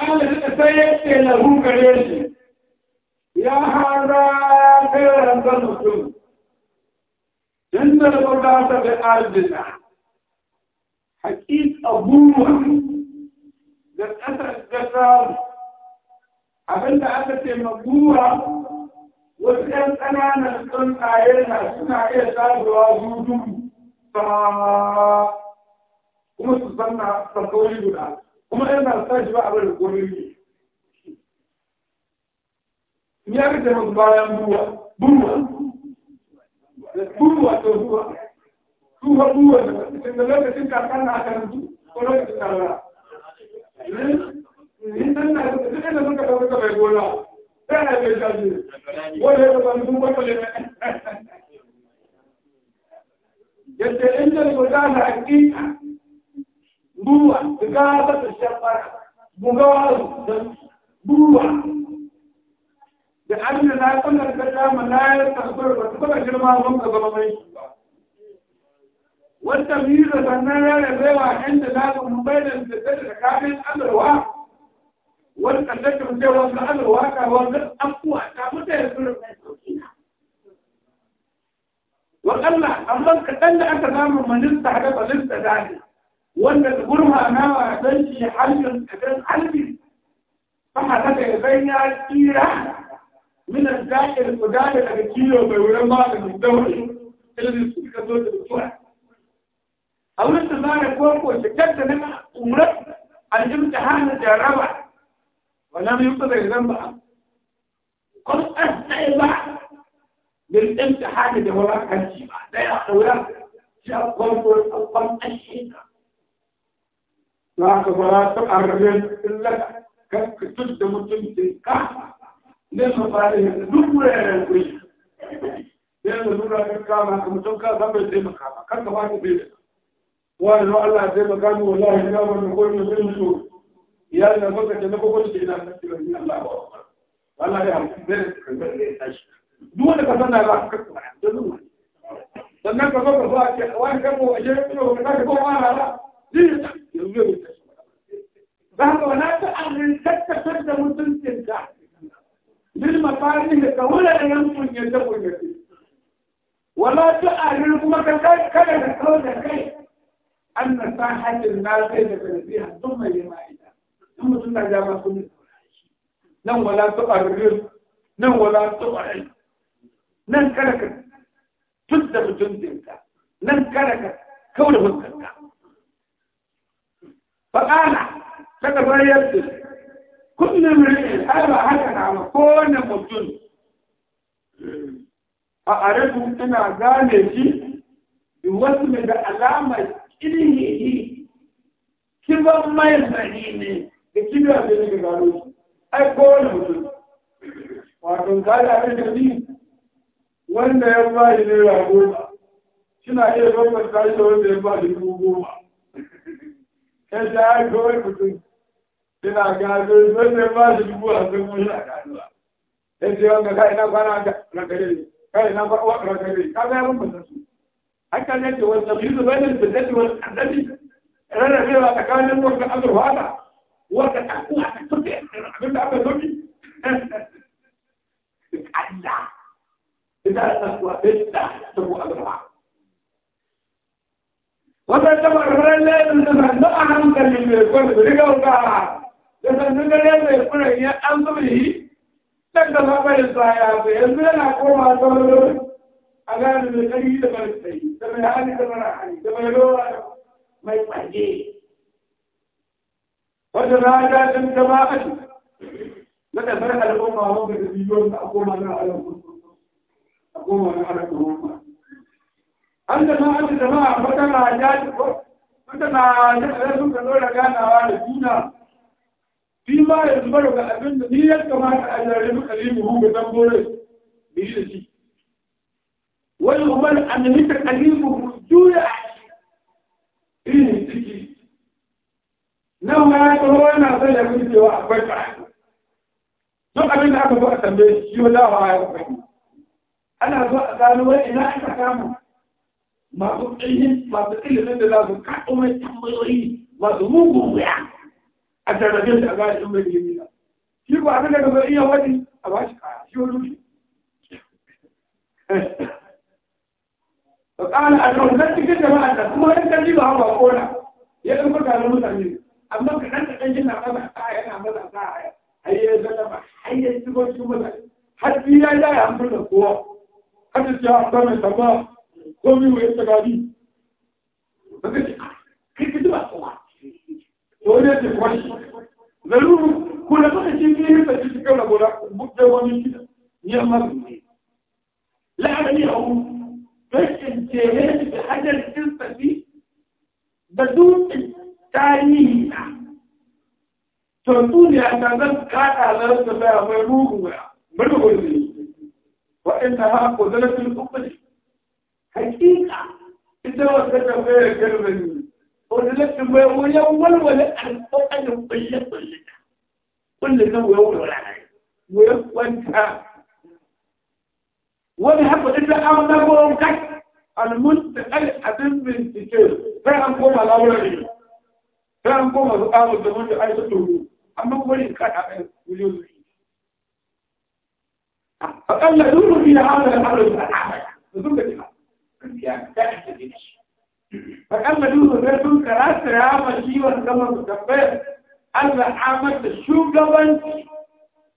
قال سيدت له قريش يا هذا خير أنت المسلم عند الغداة بقلبنا حكيت أبوه للأسف الجسار abinda aka ce mabuwa wasu ‘yan ƙananan tsuntsaye na suna iya sabuwa zudu ta kuma su sanna sakoli guda kuma yana sa shi ba a bari komai ne ya rike masu bayan buwa buwa buwa to buwa buwa buwa da lokacin kakar na karantu ko lokacin kakar eh, eh, ni san na duk inda suka dauka ka bai gona sai na bai shaji wanda ya zama sun kwata ne yadda in da ko da na hakika بوع بقابة الشفرة مقاوم بوع لأن لا تملك كلام لا يستقبل وتبقى كلمة منك ظلمين والتمييز فنان لا يبيع عند ذلك مبين للذات كامل أمر واحد والتذكر في وضع الأمر واقع وضع أقوى كامتة يسمى وقال الله أمرك أن أنت نام من لسه حاجة لسه ذلك wanda gurma nawa حلقا shi halin don halin فحدث بين الكيرة من الزائر المدار على الكيلو بيورما الدوري الذي سبق دون الدكتورة أو التزار كوكو شكلت لما أمرت الامتحان الجربة ولم يقضي ذنبها قد أستعب للامتحان اللي هو كان شيء بعد ذلك أولا جاء الله قد أشهد za ka fara ta arren laka kan ka tudda mutuncin ka ne su fara yanzu duk wuraren kuri sai da nuna ka kama ka mutum ka san bai taimaka ba kan ka bani bai da wani no Allah ya taimaka ni wallahi ina wannan ko ne bin su ya da baka ta na kokon shi ina san cewa ni Allah ba wallahi ya hamsu bai ka bai tashi duk wanda ka san na ba ka ka da zuwa sannan ka zo ka zo a ce wani kan mu a je ne ka ka ko ma na ba zai yanzu bai tashi da haka wala ta amin tattatar da mutuncinka bil mafarihi ka wuraren kunyace kunyace wala ta amin kuma ka kada ka kawo da kai an na sa hajjin na kai da karfiya duk mai yi ma'aita in mutum na jama sun yi nan wala ta amin nan wala ta amin nan kada ka tun da mutuncinka nan kada ka kawo da mutuncinka faƙala daga bayar da kullum mai ala haka na ma kowane mutum a arabu ina gane shi da wasu mai da alamar ƙirhihi kiban mai zani ne da kibiya da ga gano shi ai kowane mutum wato gada a da ni wanda ya bayi ne goma suna iya bambanta shi da wanda ya bayi dubu goma kai shi ai kawai mutum ina gado zan ne ba shi dubu a sun mun sha gaduwa sai ce wanda kai na kwana da rakare kai na kwana rakare ka ga mun ba su haka ne ce wanda bi su bayan da dadi wal adabi rarrabewa tsakanin wanda Allah wada wanda aku aka tuke abin da aka zoki Allah idan ta kuwa bidda ta ku Allah wata tabar ran ne da ba a hankali ne ko riga ga sannan dare mai kuna ya an zuba yi dan da mabayin sa ya zo yanzu yana koma sauran a gane mai ƙarfi da mai tsayi da mai hali da mara hali da mai rowa mai tsaye wata rana ɗin jama'atu na ɗasar al'umma wanda da biyu a koma na al'umma a koma na al'umma an jama'atu jama'a wata na ya ci ko wata na ya ci sun ka zo da ganawa da juna فيما يجبرك أبن هي كما أجرم أليمه بدمبر بيشتي ويغمر أن نتك أليمه جوية إيه تكي نو نعم، ما يتهو أنا أصلي أقول لك وأحبك عنه نو أبن أكبر أكبر بيش يولا وعي أكبر أنا أصلي أقول لك إيه، إيه، إلا أنت كامو ما تبقيهم ما تقل لك لازم كأمي يعني. تمويري ما تبقيهم a tarrabe shi a ba shi mai gina shi ko abin da gaba iya wani a ba shi kaya shi wani shi to kana a don nan cikin jama'a da kuma wani kan ba hawa kona ya dan kuka da mutane amma ka dan dan jin na maza a yana maza sa ai ya zama ai ya shigo shi mutane har biya ya yi amfani da kowa kada ya amfana da ba ko mi wai ta gadi dole ce kwashi zaruru ko da suka ci biyu da ci cikin ragola buɗe wani shida ya mazu ne la'adani a wu rashin jere da hajjar kirsafi da dutsen tarihi na tuntuniya ta zan kaɗa zarar da baya mai ruhu ya bari wani wa'inda ha ko zarafin kuɓi hakika ita wata tafiyar garba ne ورلت ما ويول ولا أن أن يطيب لك كل ذا ويول ولا عين ويفوتها وبحب إلا أمنا بومكك المنتقل أدن من تشير فأنا قوم على أولادي فأنا قوم على أول زمان أي تطلب أما قولي كان مليون فقال له في هذا الأمر الأعمى نظر لك يعني تحت الإنشاء فكان مدوث بيرتون كراس رعام الشيوان كما تكفر أن أعمل الشوغبان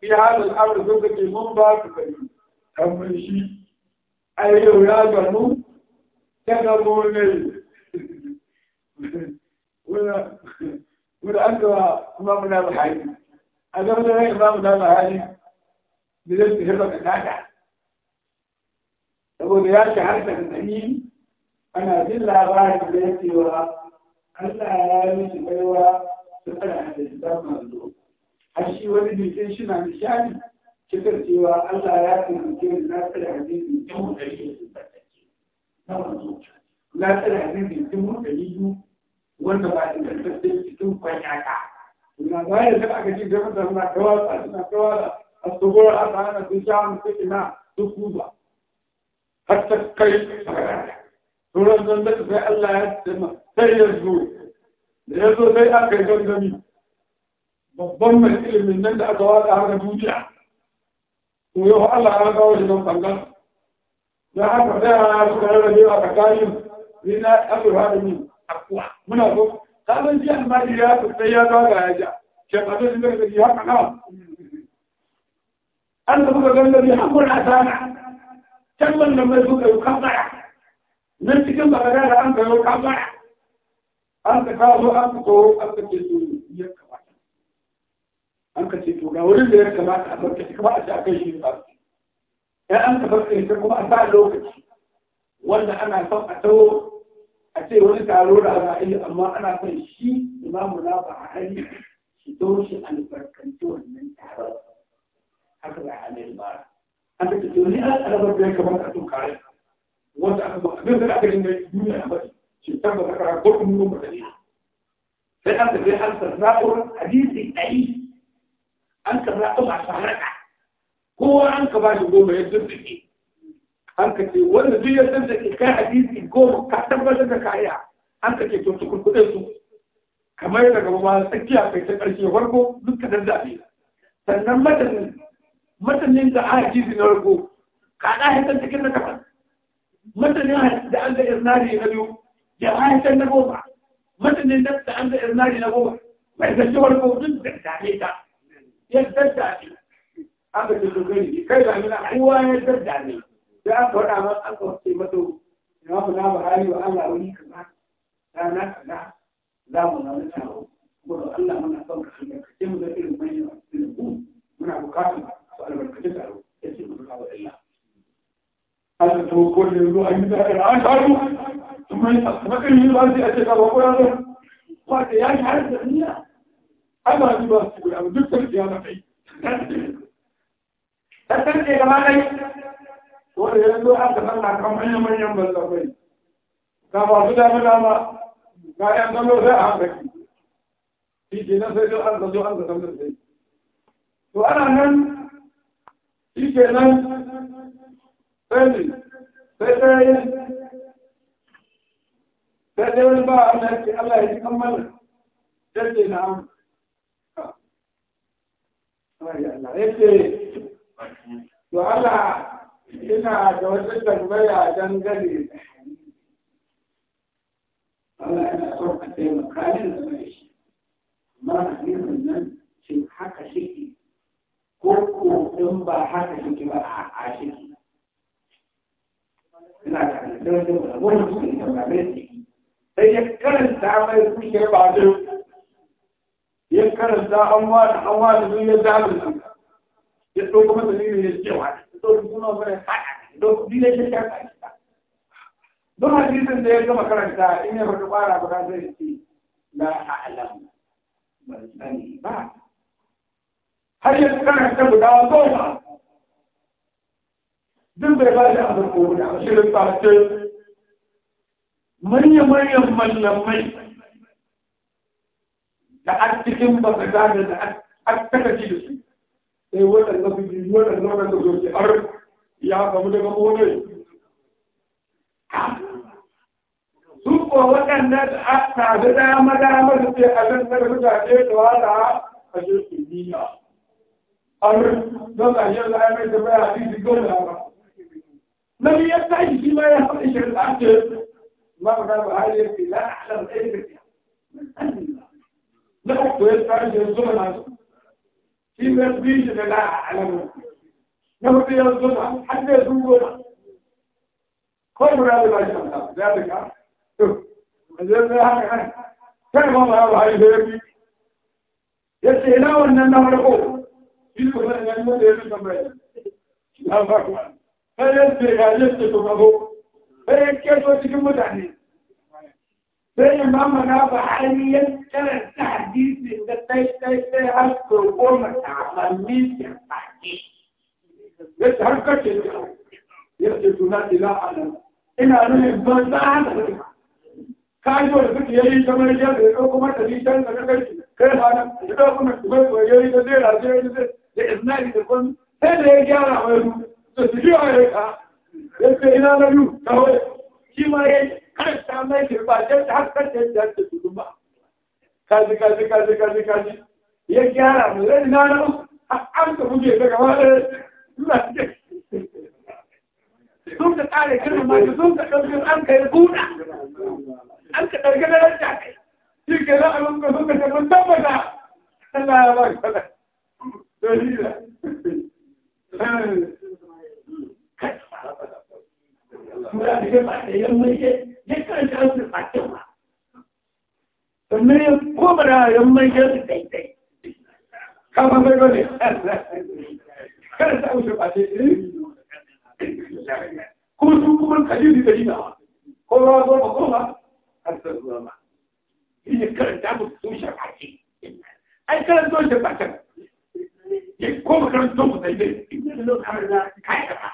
في هذا الأمر ذلك المنبار كما يشيء أيه يا جنو تنموني ولا أنت ما من هذا الحي أنا من هذا ما من هذا الحي بدأت هذا الحاجة أبو دياشة حرسة النعيم ana jin labarin da ya cewa Allah ya yi mishi baiwa ta tsara da littafin manzo har shi wani bikin shi na nishani cikar cewa Allah ya tunanke ni na tsara hadisi dubu ɗari da sun tsarkake na manzo na tsara hadisi dubu ɗari biyu wanda ba da tsarkake cikin kwanyaka na bayan da aka ci gaba da na kawasa suna kawasa a tsohuwar a tsara da sun sha wani sai ina duk kuba har ta kai sauran zanzan sai Allah ya tsima sai ya zo da ya zo sai aka yi gangami babban mai ilimin nan da aka wada haka duniya to yau Allah ya kawo shi don tsanga ya haka sai ya suka rarrabe a tsakanin rina abu hadami akwa muna so kazan ji almajiri ya sai ya zo ga ya ja shekaru da zai haka nawa an da suka gangami hakuna sana can wannan mai suka yi kamara nan cikin bagada da an kayo kamara an ka kawo an ka kawo an ka ce to ya kamata an ka ce to ga wurin da ya kamata a barkaci kuma a ce a kai shi ba ya an ka barkaci kuma a sa lokaci wanda ana son a tawo a ce wani taro da ana yi amma ana son shi imamu na ba a hari shi to shi albarkanci wannan taron haka da halin ba an ka ce to ni an albarkaci kamar a tun kare wanda aka zo abin da aka dinga duniya a mace shi tabbata kara gurbin mun mutane sai an tafi an sarrafa hadisi ai an karra ba sarrafa kowa an ka bashi goma ya dindike an ka ce wanda duk ya dindike kai hadisi goma ka tabbatar da kaya, an ka ce to su kurkuɗe su kamar yadda gaba ma tsakiya kai ta ƙarshe farko duk ka daddabe sannan matanin matanin da a hadisi na farko ka ɗaya ta cikin da kafa matanin hadisi da an da irnari na biyu da haitan na goma matanin nan da an da irnari na goma mai zancewar kogin da dame ta ya zadda ne aka ce dogari ne kai da mina aiwa ya zadda ne da aka faɗa ma an kwace mata na ku na bahari wa Allah wani kaza rana kaza za mu na wani taro kuma Allah muna son ka hanyar ka ce mu da irin manyan irin ku muna bukatar su albarkaci taro ya ce mu kawo Allah an to ko da ruwa an yi zakar an sharu kuma ya makan yi ba sai a ce ka yanzu ko ya zo ba da ya shahar da niyya ai ba ni ba su guda ba duk sarki ya makai tattar ce gaba dai wanda ya zo aka sanna kan manyan manyan Ta ba su dama dama ga yan kallo sai a hankali shi ke nan sai zo an zazo an zazo sai to ana nan shi ke nan فالفتاين فتاين با الله يجي الله يكمل جدي نعم الله يجي وعلى ina da wata tambaya dangane da Allah yana son ka taimaka ni da mai shi. Amma hadisin nan shin haka shi ko ko in ba haka shi ba a shi ina da halittar da wani suke tambaye shi sai ya karanta mai kushe ba zai ya karanta an wani an wani sun ya zaɓi nan ya ɗauka masa ne ya ce wa ya ɗauka suna mai haɗa ɗauka bi ne shi karanta don hadisin da ya gama karanta in ya bata ƙwara ba zai ce la a'lam ban sani ba har yanzu karanta guda goma duk bai ba da abin koyi a shirin fashe manya-manyan mallamai da a cikin baka gane da a takaci da su sai eh, waɗanda su biyu waɗanda waɗanda da ke har ya kamu daga mone su ko waɗanda da a tafi dama dama da ke a zan daga mutane da wata a shirkin duniya har don a yi yanzu a yi mai tafiya a cikin gona ba هل يدعي فيما يخرج العبد مرغب عليه لا أحسن علم لا أقول يدعي الزمن في تدريج لا أعلم نهض الزمن حتى يزور قبر البشر ذلك كيف الله عليه وسلم يسألون أنه يقول يقول أن المدير يسمى الله أكبر bayan firgalin su su gabo bayan keto cikin mutane bayan mamana ba hanyar karanta hadisin da tai tai tai har su goma tamanni da fage ya ta harkace ya ce suna ila alam ina nuna ban za a da kajo da suke yayi kamar yadda ya ɗauko mata ni can da kai kai ba nan ya ɗauko mata bai ko yayi da zai raje da zai da iznani da kun sai da ya gyara wani da su shi a yanka yadda ina na biyu kawai shi ma ya karanta mai jirbacin da har karanta da ta tudu ba kaji kaji kaji kaji kaji ya gyara mu zai na na an ka buge ta gaba da suna cikin sun ka kare kirin ma sun ka ɗaukin an kai buɗa an ka ɗauki na ranta kai shi ke za a lunga sun ka shakun tabbata Allah ya ba ka da. Dalila. Tura da ba da yamman shi, ya kan shi an su fatin ba. Sannan ya ko ba da yamman shi su daidai. Kafa mai ba ne. Kada ta wuce ba ce, kuma sun kuma kalili da yana, ko ba ko ba ko ba, har sun zuwa ba. Shi ne karanta mu sun shafaci. Ai karanta shi ba ta. Ya ko ba karanta mu daidai, inda da lokacin da ka yi ba.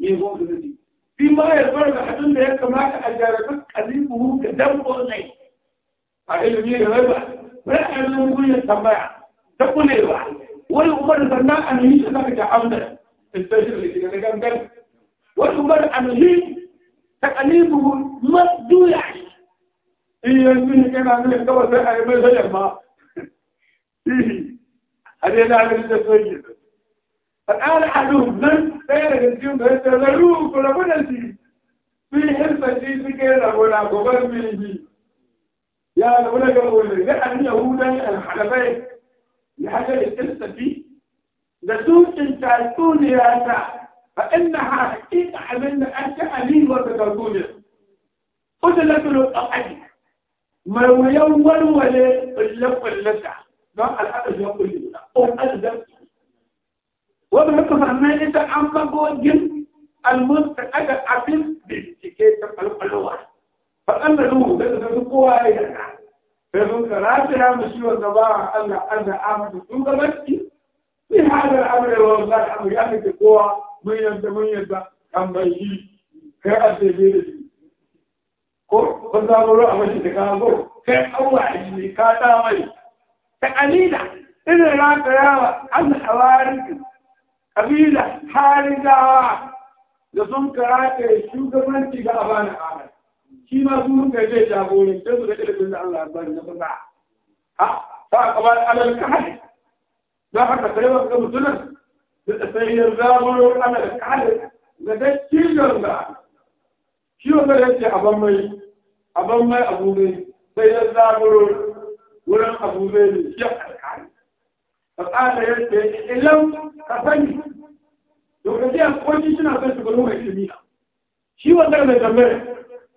ne gwamnati fi ma ya bar da hadin da ya kamata a jarabin kalibu da dambo ne a ilimi da rai ba bai a yanzu gudun tambaya ta kulewa wani umar sannan a nuhi ta zaka ta amda especially daga gangan wani umar a nuhi ta kalibu masduya in eh, yanzu ne kana nuna kawai sai a yi mai sayar ma a dai na hannun da فقال أحدهم من سير الجيم فيتذروه كل بنتي في حرفة في كيرا ولا قبر منه يا ولا قبر لأن يهودا الحلبين لحاجة التلسة فيه لسوس تأتون يا أسا فإنها حقيقة عملنا أسا أمين وتتركون قتلت الأحد ما هو يوم ولو ولا قلة قلتها ما الحدث يقول umarnin da an magogin almusta kada abin bincike ta falfalwa faɗan da ruhu da su kowa ya yarda sai sun karata ya mu shi wanda ba Allah Allah Ahmadu sun gabaci fi hadar amre wa Allah abu ya nake kowa mun yadda mun yadda kan bai shi kai a sai da shi ko ba za mu ruwa mashi da kago kai Allah shi ne ka ta mai ta alila idan ra ka yawa an hawari kabila Dawa da sun yi shugabanci ga abana ahmad shi ma sun kai zai jagorin sai su da ilimin da Allah ba na ba ha fa kabar alal kahal da haka sai wa ga mutunan da sai ya zaburo alal kahal da dai cikin da shi wanda yake aban mai aban mai abu ne sai ya zaburo wurin abu ne shi ya alkali fa kana yake ilam ka sani lokacin kwanci suna son mai shimina shi mai tambaya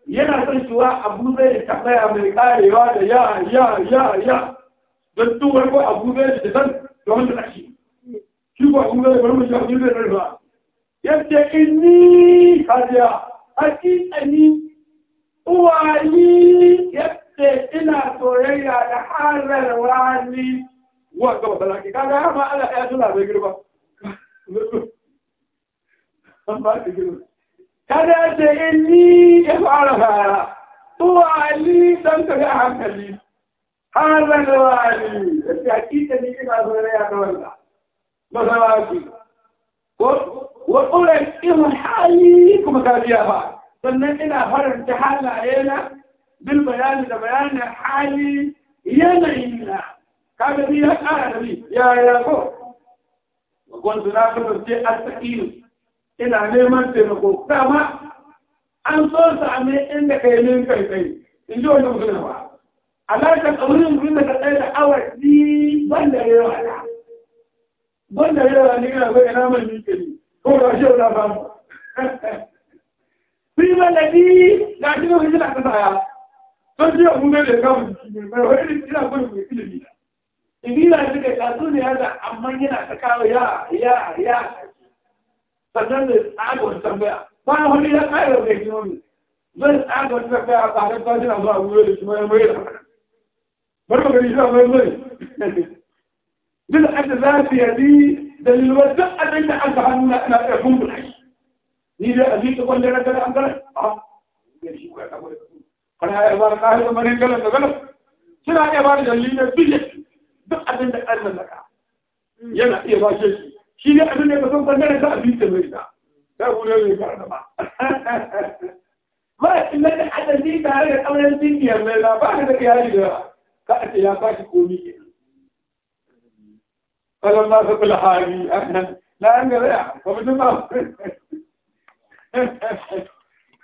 yana son a abu zai tambaya mai karewa da ya ya ya ya don tuwar ko abu zai da san domin ta kashi shi ko abu zai bari mu shi abu zai rarra yadda inni kajiya hakikani uwayi yadda ina soyayya da harar wani wa gaba balaki kaga har ma Allah ya tula bai girba kada da inni ya fara fara tuwa ali don ka ga hankali har da da wani da ta kita ni ina zo ne ya kawalla masawaki ko wa qura in hali kuma ka biya fa sannan ina faranta halayena bil bayani da bayanin hali yana ina kaga ni ya kara da ni ya ya ko wanda na kasance astaƙinu ina neman taimako dama an so sa ne inda kai min kai kai in ji wani mutum ba alaƙa ƙaunin mutum da ka tsaye da awaji ban da yawa na ban da yawa ne yana zai ina mai nike ne ko da shi yau ba mu fi mallaki ga shi ne wajen da ka saya sun ji wa mun bai da kamun jiki mai wani irin ina gudun mai ilimi ibila shi ga kasu ne yada amma yana ta kawo ya ya ya sannan da tsagon tambaya ba wani ya kayar da nomi zai tsagon tambaya ba a kasu na zuwa wuri da kuma mai da bar gari shi mai mai duk aka za su yadi dalilan duk abin da aka hannu na ina ɗaya kun shi ni dai a jika wanda ya gada an gada a ah, ya shi kuwa ya kabo da kuma kana ya ba da kayan marin galan da galan suna iya ba da dalilin biyar duk abin da kan mallaka yana iya bashe shi shi ne abin da ka san bangaren za a bi ta mai da ta gure ne ka ba ma in da adadi tare da kauran dingiyar mai da ba da kai da ka a ce ya bashi komi ke falan ma sa kulhari na an ga ya ba mutum ba